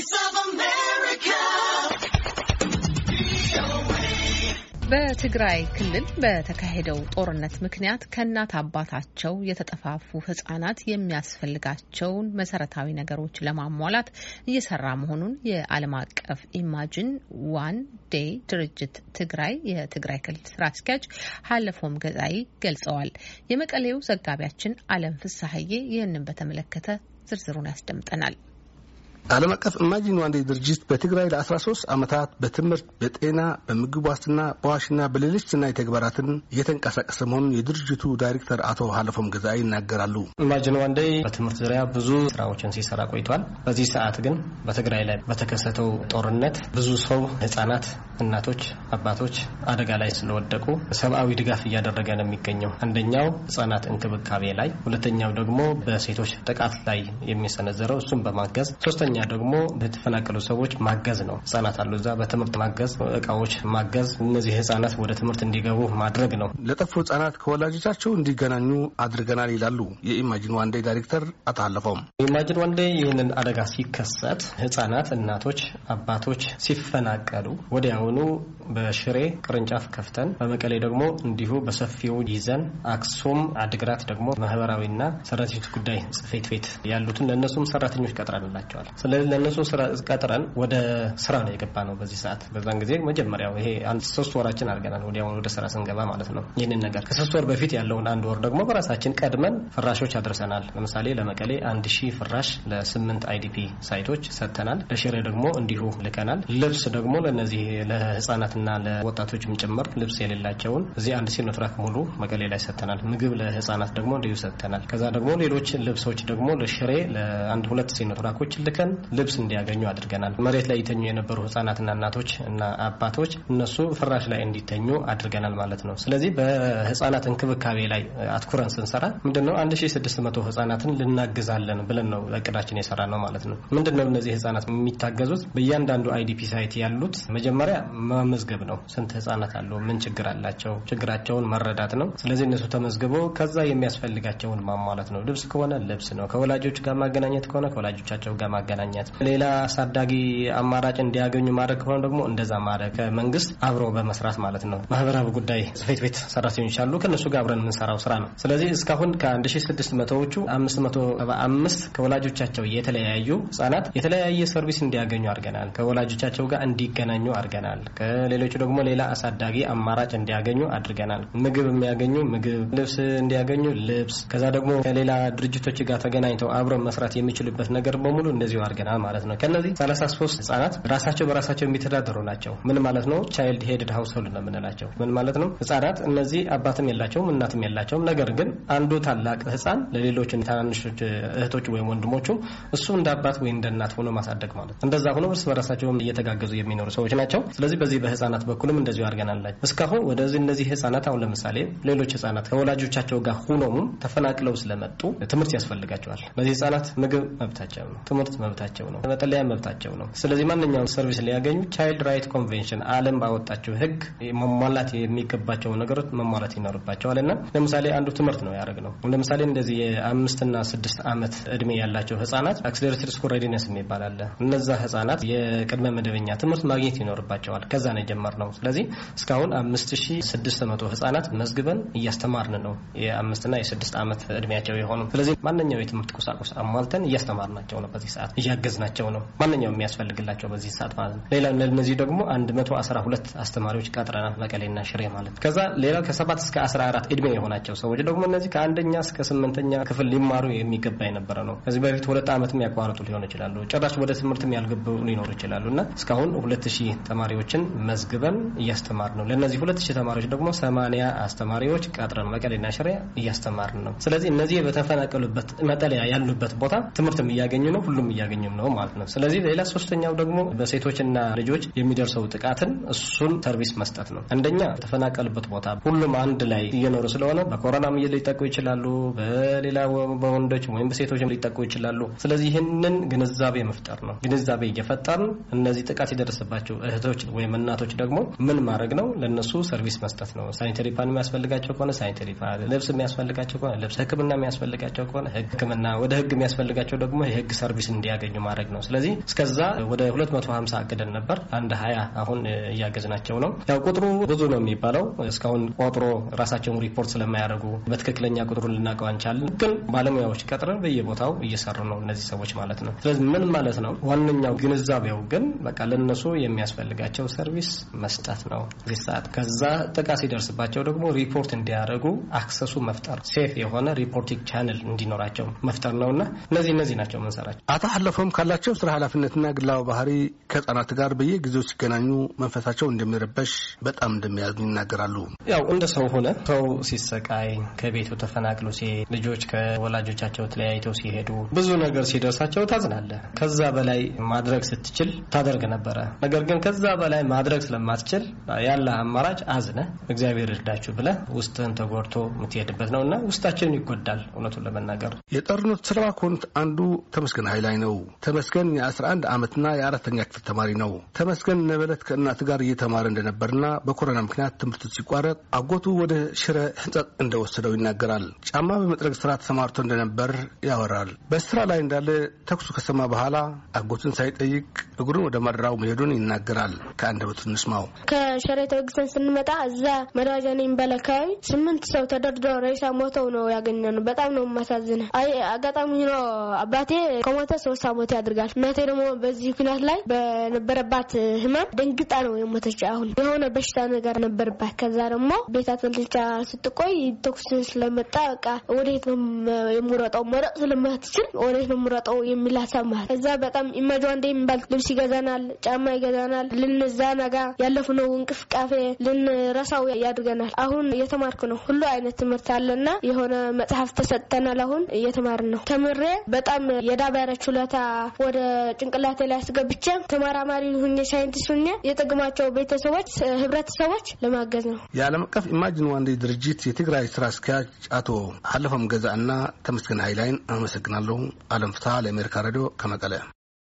Voice of America. በትግራይ ክልል በተካሄደው ጦርነት ምክንያት ከእናት አባታቸው የተጠፋፉ ህጻናት የሚያስፈልጋቸውን መሰረታዊ ነገሮች ለማሟላት እየሰራ መሆኑን የዓለም አቀፍ ኢማጂን ዋን ዴይ ድርጅት ትግራይ የትግራይ ክልል ስራ አስኪያጅ ሀለፎም ገዛይ ገልጸዋል። የመቀሌው ዘጋቢያችን አለም ፍሳሀዬ ይህንን በተመለከተ ዝርዝሩን ያስደምጠናል። ዓለም አቀፍ ኢማጂን ዋንዴ ድርጅት በትግራይ ለ13 ዓመታት በትምህርት፣ በጤና፣ በምግብ ዋስትና፣ በዋሽና በሌሎች ስናይ ተግባራትን እየተንቀሳቀሰ መሆኑን የድርጅቱ ዳይሬክተር አቶ ሀለፎም ገዛ ይናገራሉ። ኢማጂን ዋንዴ በትምህርት ዙሪያ ብዙ ስራዎችን ሲሰራ ቆይቷል። በዚህ ሰዓት ግን በትግራይ ላይ በተከሰተው ጦርነት ብዙ ሰው ህጻናት እናቶች፣ አባቶች አደጋ ላይ ስለወደቁ ሰብአዊ ድጋፍ እያደረገ ነው የሚገኘው። አንደኛው ህጻናት እንክብካቤ ላይ፣ ሁለተኛው ደግሞ በሴቶች ጥቃት ላይ የሚሰነዘረው እሱም በማገዝ ሶስተኛ ደግሞ በተፈናቀሉ ሰዎች ማገዝ ነው። ህጻናት አሉ እዛ በትምህርት ማገዝ፣ እቃዎች ማገዝ፣ እነዚህ ህጻናት ወደ ትምህርት እንዲገቡ ማድረግ ነው። ለጠፉ ህጻናት ከወላጆቻቸው እንዲገናኙ አድርገናል ይላሉ የኢማጂን ዋንዴ ዳይሬክተር አታለፈውም። ኢማጂን ዋንዴ ይህንን አደጋ ሲከሰት ህጻናት፣ እናቶች፣ አባቶች ሲፈናቀሉ ወዲያው ወዲያውኑ በሽሬ ቅርንጫፍ ከፍተን በመቀሌ ደግሞ እንዲሁ በሰፊው ይዘን አክሱም፣ አድግራት ደግሞ ማህበራዊና ሰራተኞች ጉዳይ ጽፌት ቤት ያሉትን ለእነሱም ሰራተኞች ቀጥረንላቸዋል። ስለዚህ ለእነሱ ቀጥረን ወደ ስራ ነው የገባ ነው በዚህ ሰዓት። በዛን ጊዜ መጀመሪያው ይሄ አንድ ሶስት ወራችን አድርገናል። ወዲያውኑ ወደ ስራ ስንገባ ማለት ነው። ይህንን ነገር ከሶስት ወር በፊት ያለውን አንድ ወር ደግሞ በራሳችን ቀድመን ፍራሾች አድርሰናል። ለምሳሌ ለመቀሌ አንድ ሺህ ፍራሽ ለስምንት አይዲፒ ሳይቶች ሰጥተናል። ለሽሬ ደግሞ እንዲሁ ልከናል። ልብስ ደግሞ ለነዚህ ለህጻናትና ለወጣቶችም ጭምር ልብስ የሌላቸውን እዚህ አንድ ሲኖ ሙሉ መቀሌ ላይ ሰጥተናል። ምግብ ለህጻናት ደግሞ እንዲሁ ሰጥተናል። ከዛ ደግሞ ሌሎች ልብሶች ደግሞ ለሽሬ ለአንድ ሁለት ሲኖ ትራኮች ልከን ልብስ እንዲያገኙ አድርገናል። መሬት ላይ ይተኙ የነበሩ ህጻናትና እናቶች እና አባቶች እነሱ ፍራሽ ላይ እንዲተኙ አድርገናል ማለት ነው። ስለዚህ በህጻናት እንክብካቤ ላይ አትኩረን ስንሰራ ምንድነው አንድ ሺ ስድስት መቶ ህጻናትን ልናግዛለን ብለን ነው እቅዳችን የሰራ ነው ማለት ነው። ምንድነው እነዚህ ህጻናት የሚታገዙት በእያንዳንዱ አይዲፒ ሳይት ያሉት መጀመሪያ መመዝገብ ነው። ስንት ህጻናት አሉ፣ ምን ችግር አላቸው፣ ችግራቸውን መረዳት ነው። ስለዚህ እነሱ ተመዝግበው ከዛ የሚያስፈልጋቸውን ማሟላት ነው። ልብስ ከሆነ ልብስ ነው። ከወላጆች ጋር ማገናኘት ከሆነ ከወላጆቻቸው ጋር ማገናኘት፣ ሌላ አሳዳጊ አማራጭ እንዲያገኙ ማድረግ ከሆነ ደግሞ እንደዛ ማድረግ፣ ከመንግስት አብሮ በመስራት ማለት ነው። ማህበራዊ ጉዳይ ጽሕፈት ቤት ሰራተኞች አሉ። ከእነሱ ጋር አብረን የምንሰራው ስራ ነው። ስለዚህ እስካሁን ከ1600ዎቹ አምስት ከወላጆቻቸው የተለያዩ ህጻናት የተለያየ ሰርቪስ እንዲያገኙ አድርገናል። ከወላጆቻቸው ጋር እንዲገናኙ አድርገናል። ይችላል። ከሌሎቹ ደግሞ ሌላ አሳዳጊ አማራጭ እንዲያገኙ አድርገናል። ምግብ የሚያገኙ ምግብ፣ ልብስ እንዲያገኙ ልብስ፣ ከዛ ደግሞ ከሌላ ድርጅቶች ጋር ተገናኝተው አብረ መስራት የሚችሉበት ነገር በሙሉ እንደዚሁ አድርገናል ማለት ነው። ከነዚህ 33 ህጻናት ራሳቸው በራሳቸው የሚተዳደሩ ናቸው። ምን ማለት ነው? ቻይልድ ሄድድ ሀውስሆልድ ነው የምንላቸው። ምን ማለት ነው? ህጻናት እነዚህ አባትም የላቸውም እናትም የላቸውም። ነገር ግን አንዱ ታላቅ ህጻን ለሌሎች ታናንሾች እህቶች ወይም ወንድሞቹ እሱ እንደ አባት ወይም እንደ እናት ሆኖ ማሳደግ ማለት እንደዛ ሆኖ እርስ በራሳቸውም እየተጋገዙ የሚኖሩ ሰዎች ናቸው። ስለዚህ በዚህ በህፃናት በኩልም እንደዚሁ አድርገናል። እስካሁን ወደዚህ እነዚህ ህፃናት አሁን ለምሳሌ ሌሎች ህፃናት ከወላጆቻቸው ጋር ሁኖሙ ተፈናቅለው ስለመጡ ትምህርት ያስፈልጋቸዋል። እነዚህ ህፃናት ምግብ መብታቸው ነው፣ ትምህርት መብታቸው ነው፣ መጠለያ መብታቸው ነው። ስለዚህ ማንኛውም ሰርቪስ ሊያገኙ ቻይልድ ራይት ኮንቬንሽን ዓለም ባወጣቸው ህግ መሟላት የሚገባቸው ነገሮች መሟላት ይኖርባቸዋል እና ለምሳሌ አንዱ ትምህርት ነው ነው። ለምሳሌ እንደዚህ የአምስትና ስድስት ዓመት እድሜ ያላቸው ህጻናት አክስሌሬትድ ስኩል ሬዲነስ የሚባል አለ። እነዛ ህጻናት የቅድመ መደበኛ ትምህርት ማግኘት ይኖርባቸው ይኖራቸዋል። ከዛ ነው የጀመርነው። ስለዚህ እስካሁን አምስት ሺ ስድስት መቶ ህጻናት መዝግበን እያስተማርን ነው የአምስትና የስድስት ዓመት እድሜያቸው የሆኑ ስለዚህ ማንኛው የትምህርት ቁሳቁስ አሟልተን እያስተማርናቸው ነው። በዚህ ሰዓት እያገዝናቸው ነው ማንኛውም የሚያስፈልግላቸው በዚህ ሰዓት ማለት ነው። ሌላ ለነዚህ ደግሞ አንድ መቶ አስራ ሁለት አስተማሪዎች ቀጥረናል መቀሌና ሽሬ ማለት ከዛ ሌላ ከሰባት እስከ አስራ አራት እድሜ የሆናቸው ሰዎች ደግሞ እነዚህ ከአንደኛ እስከ ስምንተኛ ክፍል ሊማሩ የሚገባ የነበረ ነው። ከዚህ በፊት ሁለት ዓመት ያቋረጡ ሊሆን ይችላሉ። ጭራሽ ወደ ትምህርትም ያልገቡ ሊኖሩ ይችላሉ እና እስካሁን ሁለት ሺህ ተማሪዎች ተማሪዎችን መዝግበን እያስተማር ነው። ለእነዚህ ሁለት ሺህ ተማሪዎች ደግሞ ሰማንያ አስተማሪዎች ቀጥረን መቀሌና ሽሬ እያስተማርን ነው። ስለዚህ እነዚህ በተፈናቀሉበት መጠለያ ያሉበት ቦታ ትምህርትም እያገኙ ነው፣ ሁሉም እያገኙም ነው ማለት ነው። ስለዚህ ሌላ ሶስተኛው ደግሞ በሴቶችና ልጆች የሚደርሰው ጥቃትን እሱን ሰርቪስ መስጠት ነው። አንደኛ የተፈናቀሉበት ቦታ ሁሉም አንድ ላይ እየኖሩ ስለሆነ በኮሮናም ሊጠቁ ይችላሉ፣ በሌላ በወንዶች ወይም በሴቶች ሊጠቁ ይችላሉ። ስለዚህ ይህንን ግንዛቤ መፍጠር ነው። ግንዛቤ እየፈጠርን እነዚህ ጥቃት የደረሰባቸው እህቶች ወይም እናቶች ደግሞ ምን ማድረግ ነው? ለእነሱ ሰርቪስ መስጠት ነው። ሳኒተሪ ፓን የሚያስፈልጋቸው ከሆነ ሳኒተሪ ፓን፣ ልብስ የሚያስፈልጋቸው ከሆነ ልብስ፣ ሕክምና የሚያስፈልጋቸው ከሆነ ሕክምና፣ ወደ ሕግ የሚያስፈልጋቸው ደግሞ የሕግ ሰርቪስ እንዲያገኙ ማድረግ ነው። ስለዚህ እስከዛ ወደ 250 አቅደን ነበር። አንድ ሀያ አሁን እያገዝናቸው ነው። ያው ቁጥሩ ብዙ ነው የሚባለው እስካሁን ቆጥሮ ራሳቸውን ሪፖርት ስለማያደርጉ በትክክለኛ ቁጥሩን ልናቀው አንቻለን። ግን ባለሙያዎች ቀጥረን በየቦታው እየሰሩ ነው እነዚህ ሰዎች ማለት ነው። ስለዚህ ምን ማለት ነው? ዋነኛው ግንዛቤው ግን በቃ ለነሱ የሚያስፈልጋቸው የሚያስፈልጋቸው ሰርቪስ መስጠት ነው። እዚህ ሰዓት ከዛ ጥቃት ሲደርስባቸው ደግሞ ሪፖርት እንዲያደርጉ አክሰሱ መፍጠር፣ ሴፍ የሆነ ሪፖርቲንግ ቻንል እንዲኖራቸው መፍጠር ነውና እነዚህ እነዚህ ናቸው መንሰራቸው። አቶ አለፈውም ካላቸው ስራ ኃላፊነትና ግላዊ ባህሪ ከህጻናት ጋር በየጊዜው ሲገናኙ መንፈሳቸው እንደሚረበሽ በጣም እንደሚያዝኑ ይናገራሉ። ያው እንደ ሰው ሆነ ሰው ሲሰቃይ ከቤቱ ተፈናቅሎ ሲሄድ ልጆች ከወላጆቻቸው ተለያይተው ሲሄዱ ብዙ ነገር ሲደርሳቸው ታዝናለ። ከዛ በላይ ማድረግ ስትችል ታደርግ ነበረ። ነገር ግን ከዛ በላይ በላይ ማድረግ ስለማትችል ያለ አማራጭ አዝነ እግዚአብሔር እርዳችሁ ብለ ውስጥህን ተጎድቶ የምትሄድበት ነው እና ውስጣችንን ይጎዳል። እውነቱን ለመናገር የጦርነቱ ስራ ኮንት አንዱ ተመስገን ኃይላይ ነው። ተመስገን የ11 ዓመትና የአራተኛ ክፍል ተማሪ ነው። ተመስገን ነበለት ከእናት ጋር እየተማረ እንደነበርና በኮሮና ምክንያት ትምህርቱ ሲቋረጥ አጎቱ ወደ ሽረ ህንጸት እንደወሰደው ይናገራል። ጫማ በመጥረግ ስራ ተሰማርቶ እንደነበር ያወራል። በስራ ላይ እንዳለ ተኩሱ ከሰማ በኋላ አጎቱን ሳይጠይቅ እግሩን ወደ ማድራው መሄዱን ይናገራል። ከአንደበቱ እንስማው። ከሸሬተ ወግዘን ስንመጣ እዛ መደዋጃ ነው የሚባል አካባቢ ስምንት ሰው ተደርድሮ ሬሳ ሞተው ነው ያገኘነው። በጣም ነው የማሳዝነ። አይ አጋጣሚ ነው አባቴ ከሞተ ሶስት አመት ያድርጋል። እናቴ ደግሞ በዚህ ምክንያት ላይ በነበረባት ህመም ደንግጣ ነው የሞተች። አሁን የሆነ በሽታ ነገር ነበርባት። ከዛ ደግሞ ቤት አትክልትቻ ስትቆይ ተኩስ ስለመጣ በቃ ወዴት ነው የምሮጠው? መረጥ ስለማትችል ወዴት ነው የምሮጠው የሚል ሀሳብ ማለት እዛ በጣም ኢመጇ እንደ የሚባል ልብስ ይገዛናል፣ ጫማ ይገዛናል ልን እነዛ ነገር ያለፍነው እንቅስቃሴ ልንረሳው ያድርገናል። አሁን እየተማርኩ ነው። ሁሉ አይነት ትምህርት አለና የሆነ መጽሐፍ ተሰጥተናል። አሁን እየተማርን ነው። ተምሬ በጣም የዳበረ ችሎታ ወደ ጭንቅላቴ ላይ አስገብቼ ተመራማሪ ሁኜ ሳይንቲስት ሁኜ የጠቅማቸው ቤተሰቦች፣ ህብረተሰቦች ለማገዝ ነው። የዓለም አቀፍ ኢማጂን ዋንዴ ድርጅት የትግራይ ስራ አስኪያጅ አቶ አለፈም ገዛ እና ተመስገን ሀይላይን አመሰግናለሁ። አለም ፍትሀ ለአሜሪካ ሬዲዮ ከመቀለ